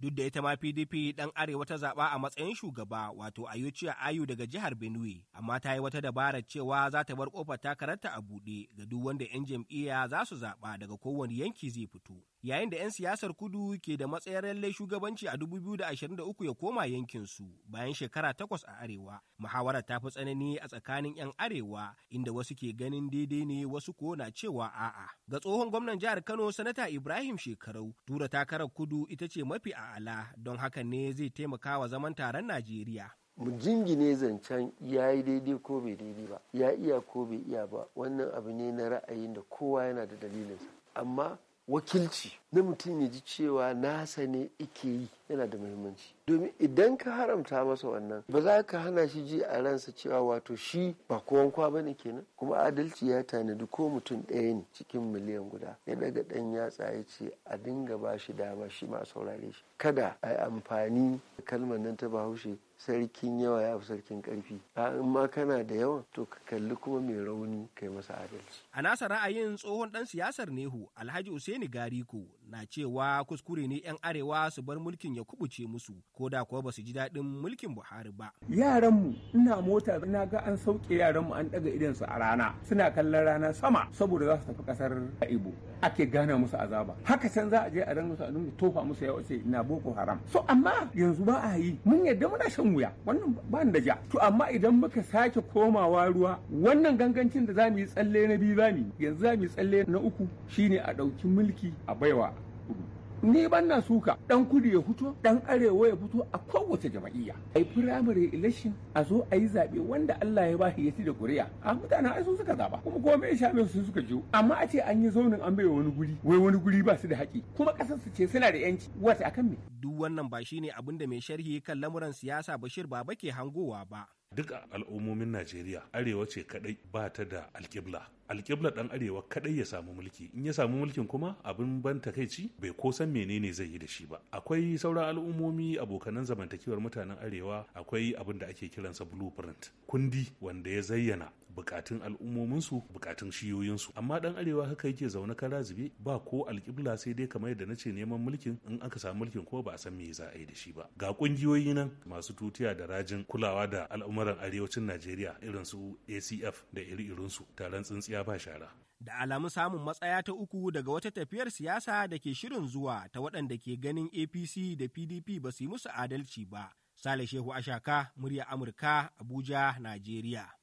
duk da ita ma PDP ɗan arewa ta zaɓa a matsayin shugaba wato Ayuciya Ayu daga jihar Benue, amma ta yi wata dabarar cewa za ta bar kofar takararta a buɗe ga duk wanda 'yan jam'iyya za su zaɓa daga kowane yanki zai fito. Yayin da 'yan siyasar kudu ke da matsayar lallai shugabanci a da 2023 ya koma yankinsu bayan shekara takwas a arewa, muhawarar ta fi tsanani a tsakanin 'yan arewa inda wasu ke ganin daidai ne wasu ko na cewa a'a. Ga tsohon gwamnan jihar Kano Sanata Ibrahim Shekarau, tura takarar kudu ita ce mafi a a'ala don haka ne zai taimaka wa zaman taron najeriya mu jingine zancen ya yi daidai ko bai daidai ba ya iya ko bai iya ba wannan abu ne na ra'ayin da kowa yana da dalilinsa amma wakilci na mutum ya ji cewa nasa ne ike yi yana da muhimmanci domin idan ka haramta masa wannan ba za ka hana shi ji a ransa cewa wato shi ba kowan ba ne kenan kuma adalci ya tanadi ko mutum ɗaya ne cikin miliyan guda ya daga ɗan yatsa ya ce a dinga ba shi dama shi ma saurare shi kada a yi amfani da kalmar nan ta bahaushe sarkin yawa ya fi sarkin karfi in ma kana da yawa to ka kalli kuma mai rauni kai masa adalci a nasa ra'ayin tsohon dan siyasar nehu alhaji usaini gariko na cewa kuskure ne yan arewa su bar mulkin ya kubuce musu ko da kuwa ba su ji daɗin mulkin Buhari ba. Yaran mu ina mota na ga an sauke mu an ɗaga su a rana suna kallon rana sama saboda za su tafi ƙasar Ibo ake gana musu azaba haka can za a je a ranga su a dinga tofa musu ya wace na Boko Haram so amma yanzu ba a yi mun yadda muna shan wuya wannan ba da ja to amma idan muka sake komawa ruwa wannan gangancin da za mu yi tsalle na biyu za mu yanzu za mu yi tsalle na uku shine a ɗauki mulki a baiwa ni ban na suka dan kudu ya fito dan arewa ya fito a kowace jama'iyya ai primary election a zo a yi zaɓe wanda Allah ya ba shi ya da kuriya a mutanen ai sun suka zaɓa kuma ko mai shame su suka jiwo amma a ce an yi zaunin an bai wani guri wai wani guri ba su da haƙi kuma ƙasar su ce suna da yanci wata akan me duk wannan ba shine abin da mai sharhi kan lamuran siyasa Bashir Baba ke hangowa ba duk al'ummomin najeriya arewa ce kadai ba ta da alkibla alƙiblar ɗan arewa kaɗai ya samu mulki in ya samu mulkin kuma abin ban takaici bai ko san menene zai yi da shi ba akwai sauran al'ummomi abokanan zamantakewar mutanen arewa akwai abin da ake kiransa blueprint kundi wanda ya zayyana bukatun al'ummominsu bukatun shiyoyinsu amma ɗan arewa haka yake zaune kara zube ba ko alƙibla sai dai kamar yadda ce neman mulkin in aka samu mulkin kuma ba a san me za a yi da shi ba ga ƙungiyoyi nan masu tutiya da rajin kulawa da al'umuran arewacin Najeriya irinsu ACF da iri irinsu taron tsintsiya ba shara. Da alamu samun matsaya ta uku daga wata tafiyar siyasa da ke shirin zuwa ta waɗanda ke ganin APC da PDP ba su yi musu adalci ba. Sale Shehu Ashaka, murya Amurka, Abuja, Najeriya.